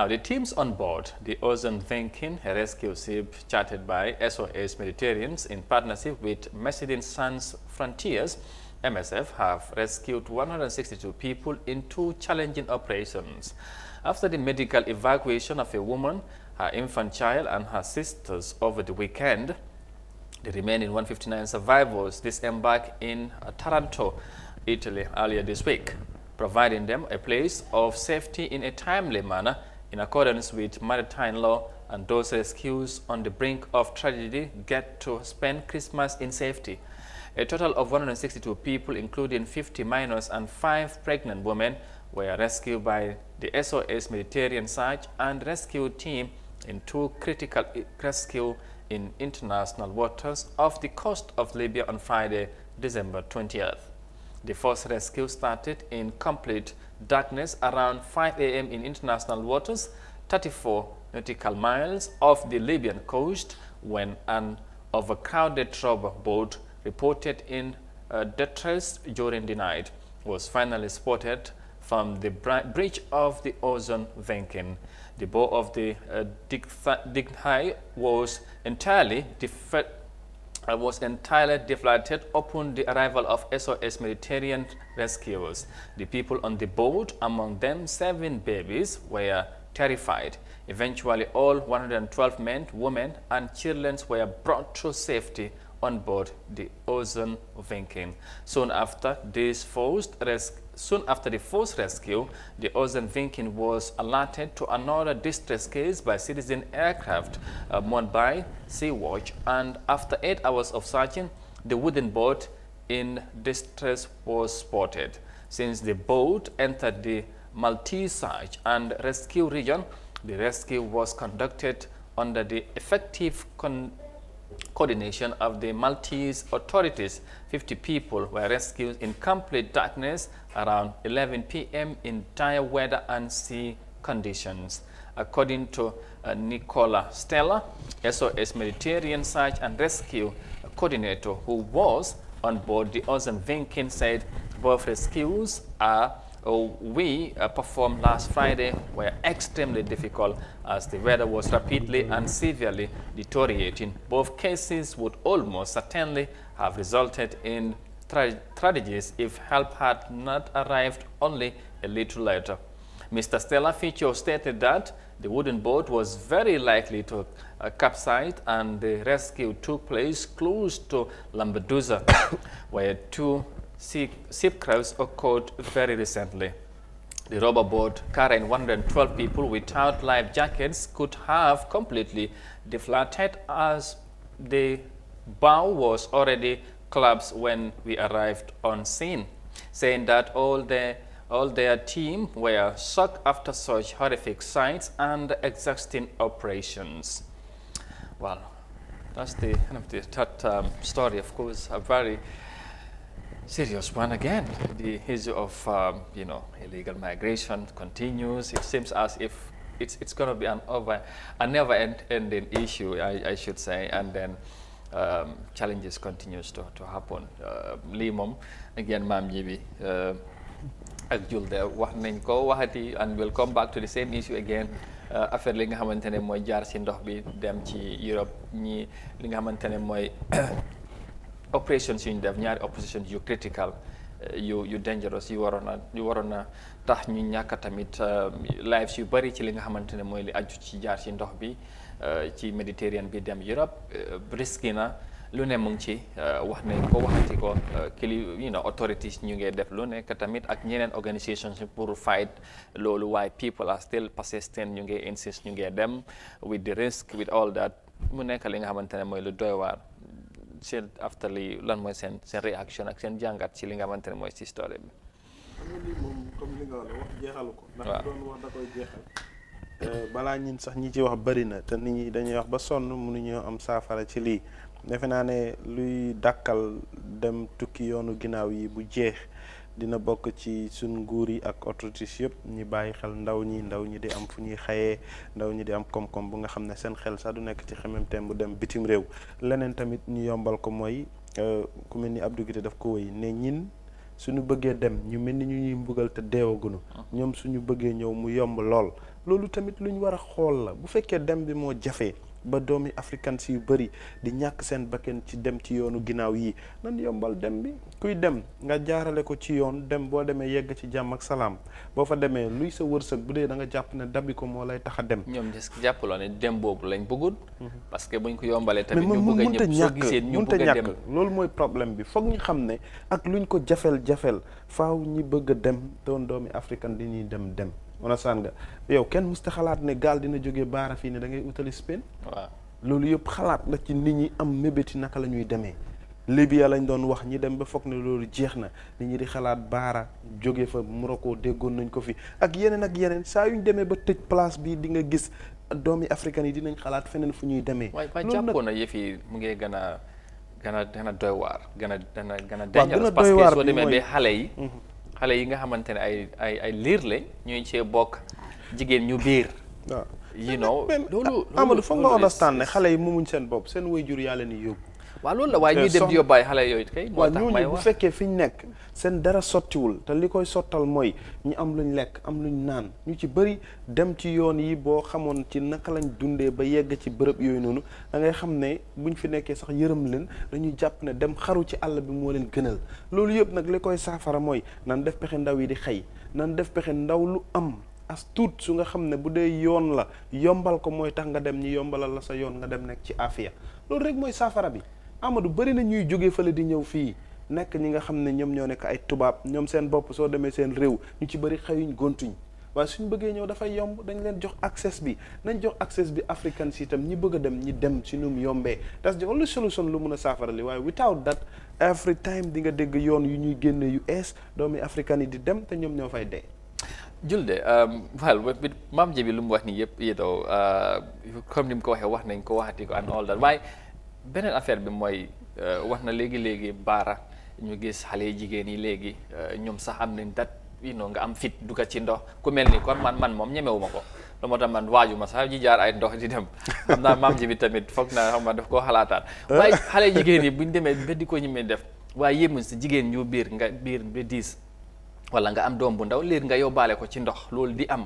Now, the teams on board the Ocean Thinking rescue ship chartered by SOS Mediterranean in partnership with Mercedes Sans Frontiers, MSF, have rescued 162 people in two challenging operations. After the medical evacuation of a woman, her infant child and her sisters over the weekend, the remaining 159 survivors disembarked in Taranto, Italy earlier this week, providing them a place of safety in a timely manner in accordance with maritime law and those rescued on the brink of tragedy get to spend Christmas in safety. A total of 162 people, including 50 minors and 5 pregnant women, were rescued by the SOS Mediterranean Search and Rescue Team in two critical rescue in international waters off the coast of Libya on Friday, December 20th. The first rescue started in complete darkness around 5 a.m. in international waters, 34 nautical miles off the Libyan coast when an overcrowded rubber boat reported in uh, distress during the night was finally spotted from the bridge of the ozone Venkin. The bow of the uh, was entirely I was entirely deflated upon the arrival of SOS Mediterranean rescuers. The people on the boat, among them seven babies, were terrified. Eventually, all 112 men, women, and children were brought to safety on board the Ocean Viking. Soon after this forced rescue, Soon after the forced rescue, the Ocean Viking was alerted to another distress case by citizen aircraft uh, manned by Sea Watch, and after eight hours of searching, the wooden boat in distress was spotted. Since the boat entered the Maltese search and rescue region, the rescue was conducted under the effective con coordination of the Maltese authorities, 50 people were rescued in complete darkness around 11 p.m. in dire weather and sea conditions. According to uh, Nicola Stella, SOS Mediterranean Search and Rescue Coordinator, who was on board the Ocean Vinkin, said both rescues are Oh, we uh, performed last Friday were extremely difficult as the weather was rapidly and severely deteriorating. Both cases would almost certainly have resulted in tragedies if help had not arrived only a little later. Mr. Stella Ficho stated that the wooden boat was very likely to uh, capsize and the rescue took place close to Lampedusa, where two ship crashes occurred very recently. The rubber boat carrying 112 people without life jackets could have completely deflated as the bow was already collapsed when we arrived on scene, saying that all the all their team were shocked after such horrific sights and exhausting operations. Well, that's the end of the third um, story, of course, a very serious one again. The issue of um, you know illegal migration continues. It seems as if it's it's going to be an over, a never-ending issue, I, I, should say, and then. Um, challenges continues to, to happen uh, Limum moom again ma'am ji Agul uh, ak jul de wax nañ ko waxati and will come back to the same issue again uh, affaire li nga xamante ne mooy jaar si ndox bi dem ci Europe ñi li nga xamante ne operations yu ñu def ñaari opposition yu critical uh, yu yu dangerous yu waroon yu waroon tax ñu ñaka tamit um, lives yu bari ci li nga xamantene moy li aju ci jaar ci ndox bi uh, ci Méditerranée bi dem Europe briskina uh, lu ne mu ngi ci wax ne ko waxati ko kili you know authorities ñu ngi def lu ka tamit ak ñeneen organizations pour fight lolu why people are still persistent ñu ngi insist ñu ngi dem with the risk with all that mu nekk li nga xamantene moy lu doy war seen after li lan mooy seen seen réaction ak seen jàngat ci li nga xamante ne mooy si histoire bi. moom euh, balaa ñun sax ñi ci wax bëri na te nit ñi dañuy wax ba sonn mënuñoo am saafara ci lii defe naa ne luy dàkkal dem tukki yoonu ginnaaw yi bu jeex. dina bokk ci suñ nguur yi ak autorités yëpp ñi bàyyi xel ndaw ñi ndaw ñi di am fu ñuy xayee ndaw ñi di am koom-koom bu nga xam ne seen xel sax du nekk ci xememteem bu dem bitim réew leneen tamit ñu yombal ko mooy euh, ku mel ni Abdou Guité daf ko wéy ne ñin suñu bëggee dem ñu mel ni ñu ñuy mbugal te deewagunu ñoom suñu bëggee ñëw mu yomb lool loolu tamit lu ñu war a xool la bu fekkee dem bi moo jafee ba doomi african si yu bari di ñak seen bakken ci dem ci yoonu ginaaw yi nan yombal dem bi kuy dem nga jaarale ko ci yoon dem bo deme yegg ci jàmm ak salam bo fa deme luy sa wërseuk budé da nga japp ne dabbi ko mo lay dem ñom dem japp lo ne dem bobu lañ bëggul mhm. parce que buñ ko yombalé tamit ñu bëgg ñëpp so gisé ñu bëgg dem lool moy problème bi fokk ñu xamné ak luñ ko jafel jafel faaw ñi bëgg dem doon doomi african di ñi dem dem on a saan nga yow kenn musta xalaat ne gaal dina jóge baara fii ne da ngay utali Spain waaw loolu yëpp xalaat la ci nit ñi am mébéti naka la ñuy demee Libya lañ doon wax ñi dem ba foog ne loolu jeex na nit ñi di xalaat baara jóge fa Morocco déggoon nañ ko fi ak yeneen ak yeneen saa yu ñu demee ba tëj place bi di nga gis doomi africain yi dinañ xalaat feneen fu ñuy demee. waaye ba jàppoon na yëf yi mu ngi gën a gën a gën a doy gën a gën soo demee ba xale yi. Mhm. xale yi nga xamante ne ay ay ay liir lañ ñuy cee bokk jigéen ñu biir. waaw you know loolu Amadou foog nga understand ne xale yi moomuñ seen bopp seen jur yàlla ni yóbbu. waaw loolu la waaye ñuy eh, dem di yóbbaay xale yooyu kay. moo tax may wax bu fekkee fi ñu nekk seen dara sottiwul te li koy sottal mooy ñu am luñ lekk am luñ naan ñu ci bëri dem ci yoon yi boo xamoon ci naka lañ dundee ba yegg ci bërëb yooyu noonu da ngay xam ne buñ fi nekkee sax yërëm leen dañuy jàpp ne dem xaru ci àll bi moo leen gënal loolu yëpp nag li koy saafara mooy nan def pexe ndaw yi di xëy nan def pexe ndaw lu am. as su nga xam ne bu dee yoon la yombal ko mooy tax nga dem ñi yombalal la sa yoon nga dem nekk ci afiya loolu rek mooy saafara bi Amadou bëri na ñuy jóge fële di ñëw fii nekk ñi nga xam ne ñoom ñoo nekk ay tubaab ñoom seen bopp soo demee seen réew ñu ci bëri xëyuñ gontuñ waaye suñ bëggee ñëw dafay yomb dañ leen jox access bi nañ jox access bi african si itam ñi bëgg a dem ñi dem si num yombee that's the only solution lu mun a saafara li waaye without that every time di nga dégg yoon yu ñuy génn yu ees doomi africain yi di dem te ñoom ñoo fay dee Julde um, well maam ji bi lu mu wax nii yëpp you know uh, comme ni mu ko waxee wax nañ ko waxati ko and all that waaye beneen affaire bi mooy euh, wax na léegi léegi baara ñu gis xale yi jigéen yi léegi euh, ñoom sax am nañ dat yi noo nga am fit dugga ci ndox ku mel ni kon man man moom ñemewuma ko lu moo tax man waaju ma sax ji jaar ay ndox di dem xam naa maam bi tamit foog naa ma daf koo xalaataat euh? waaye xale jigéen yi buñ demee ba di ko ñemee def waaye yëpp si jigéen ñu biir nga biir ba diis wala nga am doom bu ndaw liir nga yóbbaale ko ci ndox loolu di am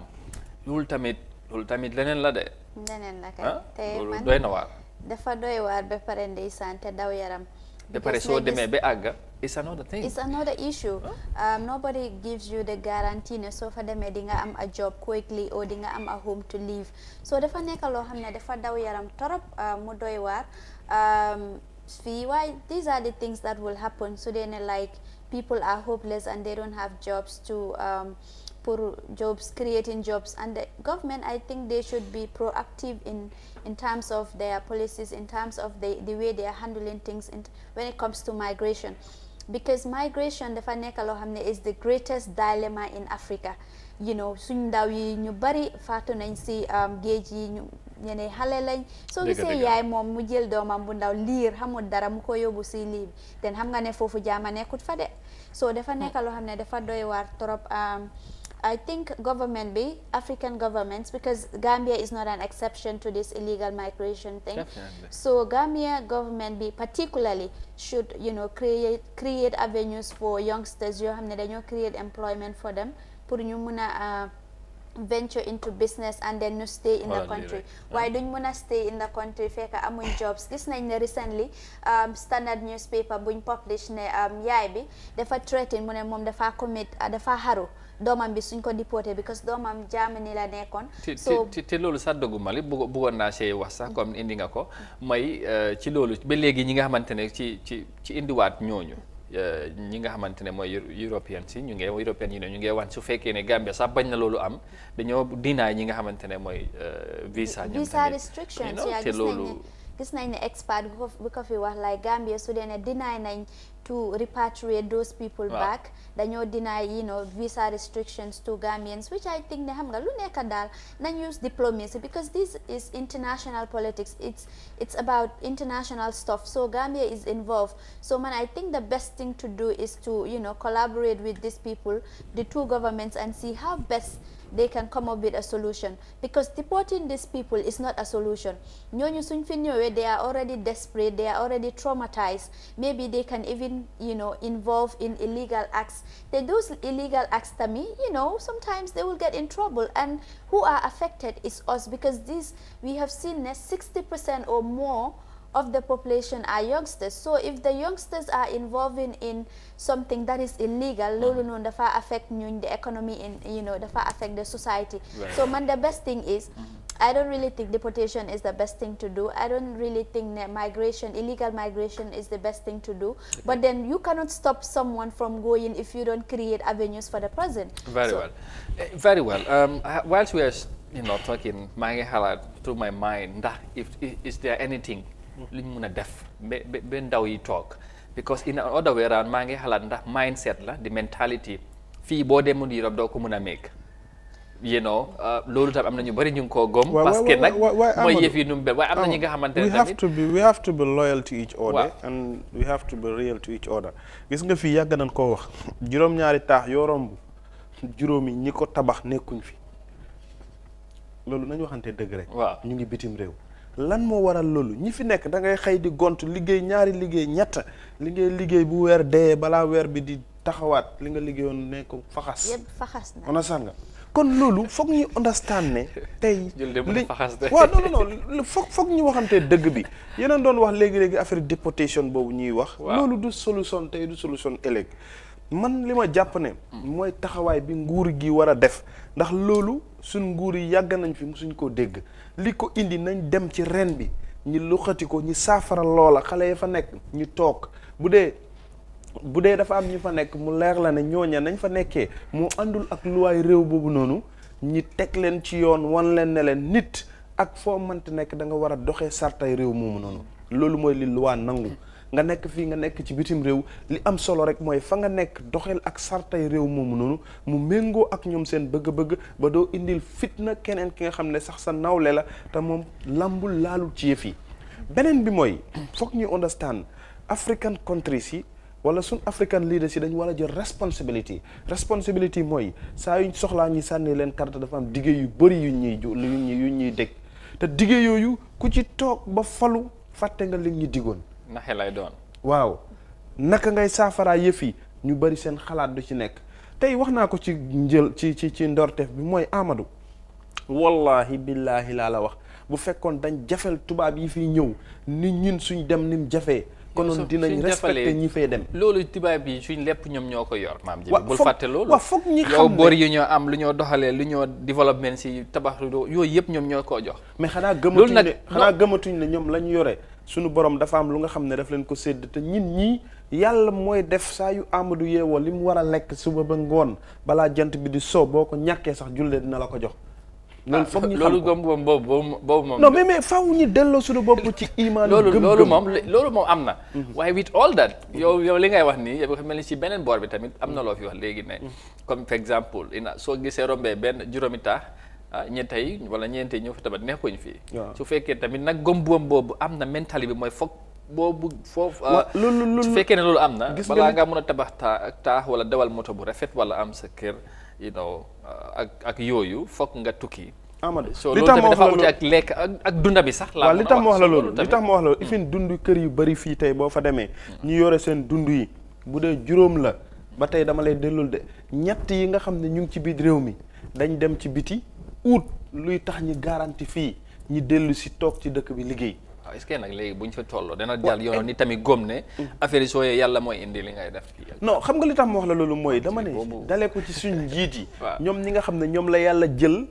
loolu tamit loolu tamit leneen la de leneen la kay ah? te man The doy war be pare ndeysaan te daw yaram. ba pare soo demee ba it's another thing. It's another issue. Huh? Um, nobody gives you the guarantee ne so fa demee di am a job quickly or di am a home to live so the nekk loo xam ne dafa daw yaram torop uh, mu doy um, these are the things that will happen So then, like people are hopeless and they don't have jobs to. Um, pour jobs, creating jobs. And the government, I think they should be proactive in, in terms of their policies, in terms of the, the way they are handling things in, when it comes to migration. Because migration, dafa nekk loo xam ne is the greatest dilemma in Africa. you know suñ ndaw yi ñu bari faatu nañ si um, géej yi ñu ñene xale lañ soo gisee yaay moom mu jël doomam bu ndaw liir xamul dara mu ko yóbbu si lii bi ten xam nga ne foofu jaama nekkut fa de soo dafa hmm. nekk loo xam ne dafa doy waar trop um, I think government be African governments because Gambia is not an exception to this illegal migration thing. Definitely. So Gambia government be particularly should you know create create avenues for youngsters. You have to create employment for them. Pour ñu mëna uh, venture into business and then you stay in the country Why don't you stay in the country fekk amuñ jobs This nañ ne recently um, standard newspaper buñ publish ne um, yaay bi dafa threaten mu ne moom dafa commit dafa haru. doomam bi suñ ko déporté because doomam Germany la nekkoon. so te te loolu sax dëggu Mali bëggoon naa see wax sax comme indi nga ko may euh, ci loolu ba léegi ñi nga xamante ci ci ci indiwaat ñooñu. Euh, ñi nga xamante ne mooy European si ñu ngi European yi ñu ngi wan su fekkee ne Gambia sa bañ na loolu am dañoo dinaay ñi nga xamante ne mooy euh, visa ñoom visa restrictions te loolu gis nañ ne expert bu ko fi wax like Gambia su dee ne dinaay nañ to repatriate those people wow. back you deny you know visa restrictions to Gambians which I think they have nga lu nekk daal use diplomacy because this is international politics it's it's about international stuff so Gambia is involved so man I think the best thing to do is to you know collaborate with these people the two governments and see how best they can come up with a solution because deporting these people is not a solution they are already desperate they are already traumatized maybe they can even you know involve in illegal acts they do illegal acts to me, you know sometimes they will get in trouble and who are affected is us because this we have seen 60% eh, or more of the population are youngsters. So if the youngsters are involving in something that is illegal, mm. lolo no dafa affect the economy and you know dafa affect the society. Right. So man, the best thing is. Mm-hmm. I don't really think deportation is the best thing to do. I don't really think that migration, illegal migration is the best thing to do. Okay. But then you cannot stop someone from going if you don't create avenues for the present. Very so well. Uh, very well. Um, whilst we are you know, talking, my highlight through my mind, that if, is there anything lu ñu mun a def ba ba ndaw yi toog because in other way around maa ngi xalaat ndax mindset la di mentality fii boo demoon Europe doo ko mun a meeg you know uh, loolu tam am na ñu bëri ñu ngi koo gom nag mooy ñi nga xamante ne tamit we have to be loyal to each other and gis nga fii yàgg nañ koo wax juróom-ñaari taax juróomi ñi ko tabax nekkuñ fi loolu nañu waxante dëgg rek waaw ñu ngi bitim réew lan moo waral loolu ñi fi nekk dangay xëy di gont liggéey ñaari liggéey ñett li ngay liggéey bu weer dee balaa weer bi di taxawaat li nga liggéeyoon ne ko faxas. yëpp faxas na on nga kon loolu foog ñu understand ne. tey li faxas de. waaw foog foog ñu waxante dëgg bi yeneen doon wax léegi léegi affaire déportation boobu ñuy wax. loolu du solution tey du solution ëllëg. man li ma jàpp ne. mooy taxawaay bi nguur gi war a def ndax loolu suñ nguur yi yàgg nañ fi mu suñ koo dégg. li ko indi nañ dem ci reen bi ñu luxati ko ñu saafara loola xale yi fa nekk ñu toog bu dee bu dee dafa am ñu fa nekk mu leer la ne ñooña nañ fa nekkee mu àndul ak luwaay réew boobu noonu ñi teg leen ci yoon wan leen ne leen nit ak foo mënti nekk danga war a doxee sartay réew moomu noonu loolu mooy li luwaa nangu nga nek fi nga nek ci bitim rew li am solo rek moy fa nga nek doxel ak sartay rew mom nonu mu mengo ak ñom seen bëgg-bëgg ba do indil fitna keneen ki nga xamne sax sa nawle la ta mom lambul lalu ci yefi benen bi moy fokk ñu understand african country si, wala sun african leaders yi dañ wala jël responsibility responsibility moy saa yuñ soxla ñi sanni leen carte dafa am digge yu bari yu ñi yu ñi dekk te digge yoyu ku ci tok ba falu fatte nga li ñi naxe lay doon. waaw naka ngay saafaraa yëfi ñu bari seen xalaat du ci nekk tey wax naa ko ci njël ci ci ci ndorteef bi mooy Amadou. wallahi billahi laa la wax bu fekkoon dañ jafel tubaab yi fiy ñëw ni ñun suñ dem ni mu jafee. konoon dinañ respecté ñi fay dem. loolu tubaab yi suñ lépp ñoom ñoo ko yor. maam ji bul fàtte loolu waaw foog ñi xam ne yow boor yi ñoo am lu ñoo doxalee lu ñoo développement si tabax yooyu yëpp ñoom ñoo koo jox. mais xanaa gëmatuñ ne xanaa gëmatuñ ne ñoom la ñu yore sunu borom dafa am lu nga xam ne daf leen ko sédd te ñin ñii yàlla mooy def saa yu amadu yeewoo li mu war a lekk suba ba ngoon balaa jant bi di soo boo ko ñàkkee sax jullee dina la ko jox. loolu ah, foog ñu loolu gëm gëm boobu boobu moom. non mais mais ñu delloo suñu bopp ci imaan. gëm gëm loolu moom loolu moom am na. Mhm. waaye with all that. yow yow li ngay wax nii yow xam ne ci beneen boor bi tamit am na loo fi wax léegi ne. Mhm. comme par exemple ina soo gisee rombee benn juróomi taax. ah ñe tey wala ñeente ñëw fi tabat nekkuñ fii. su fekkee tamit nag gëm-gëm boobu am na mental bi mooy foog boobu foofu. loolu ah, su fekkee ne loolu am na. gis balaa ngaa mën a tabax taax wala dawal moto bu rafet wala am sa kër you know ah, ak ak yooyu fokk nga tukki. Amadou li tax ma wax la loolu ak lekk ak dunda bi sax. laa li tax ma wax la loolu li tax ma mm. wax la loolu. ifin kër yu bëri fii tey boo fa demee. ñu yore seen dund yi bu dee juróom la ba tey dama lay dellul de ñett yi nga xam ne ñu ngi ci biir réew mi dañ dem ci biti ut luy tax ñu garanti fii ñi dellu si toog ci dëkk bi liggéey. waaw est-ce que nag léegi buñ ñu fa tolloo dana jàll yoon eh, ni tamit góom ne. Mm. affaire soo sooyee yàlla mooy indi li ngay def. non xam nga li tax ma wax la loolu mooy ah, dama ne dalee ko ci suñ njiit yi. ñoom ñi nga xam ne ñoom la yàlla jël.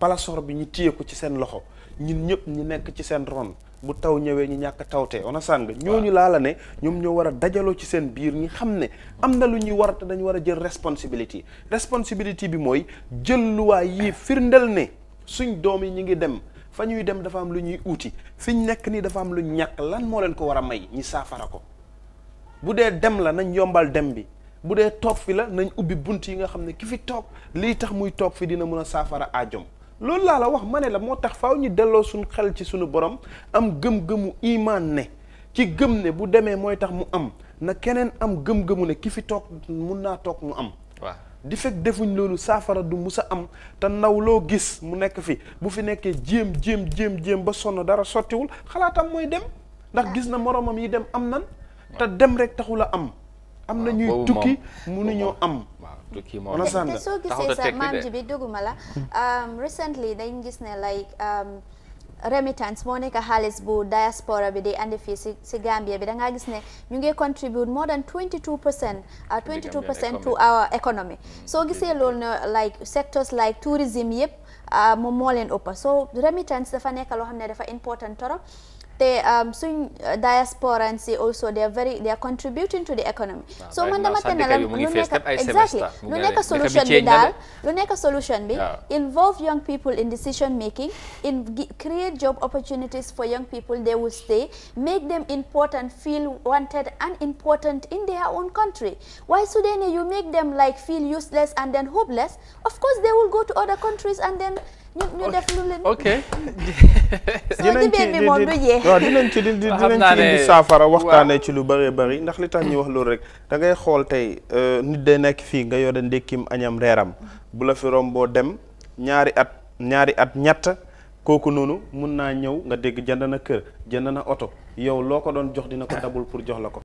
palasor bi ñu téye ko ci seen loxo ñun ñëpp ñu nekk ci seen ron. bu taw ñëwee ñu ñàkk tawtee on sàn nga ñooñu laa la ne ñoom ñoo war a dajaloo ci seen biir ñi xam ne am na lu ñuy war te dañu war a jël responsibility responsibility bi mooy jël luwaay yi firndel ne suñ doom yi ñu ngi dem fa ñuy dem dafa am lu ñuy uuti fi nekk nii dafa am lu ñàkk lan moo leen ko war a may ñi saafara ko bu dee dem la nañ yombal dem bi bu dee toog fi la nañ ubbi bunt yi nga xam ne ki fi toog lii tax muy toog fi dina mën a saafara ajom loolu laa la wax ma ne la moo tax faaw ñu delloo suñu xel ci suñu borom am gëm-gëmu imaan ne ci gëm ne bu demee mooy tax mu am na keneen am gëm-gëmu ne ki fi toog mun naa toog mu am waaw di fek defuñ lolu safara du musa am ta naw lo gis mu nek fi bu fi nekke jéem jéem jéem jéem ba sonn dara soti wul xalaatam moy dem ndax gis na moromam yi dem am nan ta dem rek taxula am am na ñuy tukki ñu am kii moo te soo gisee sa maam ji bi duguma la um, recently dañ gis ne like um, remittance moo nekk xaalis bu diaspora bi di andi fii si si Gambia bi da ngaa gis ne ñu ngi contribute more than 22 percent 22 uh, percent to our economy soo gisee loolu ne like sectors like tourism yëpp uh, moom moo leen ëpp so remittance dafa nekk loo xam ne dafa important torop te um, suñ uh, diaspora and si also they are very they are contributing to the economy so man dama tane la lu nekk exactly lu nekk solution bi daal bi involve young people in decision making in create job opportunities for young people they will stay make them important feel wanted and important in their own country why Sudan you make them like feel useless and then hopeless of course they will go to other countries and then ñu ñu def lu leen. ok dinañ ci di dinañ ci dinañ ci saafara waxtaanee ci lu bare bëri ndax li tax ñu wax loolu rek da ngay xool tey euh, nit day nekk fii nga yore ndékkim añam reeram bu la fi romboo dem ñaari at ñaari at ñett kooku noonu mun naa ñëw nga dégg jënd na kër jënd na oto yow loo ko doon jox dina ko dabul pour jox la ko.